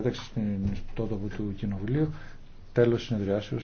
διάταξη στην ιστότοπο του Κοινοβουλίου. Τέλος συνεδριάσεως.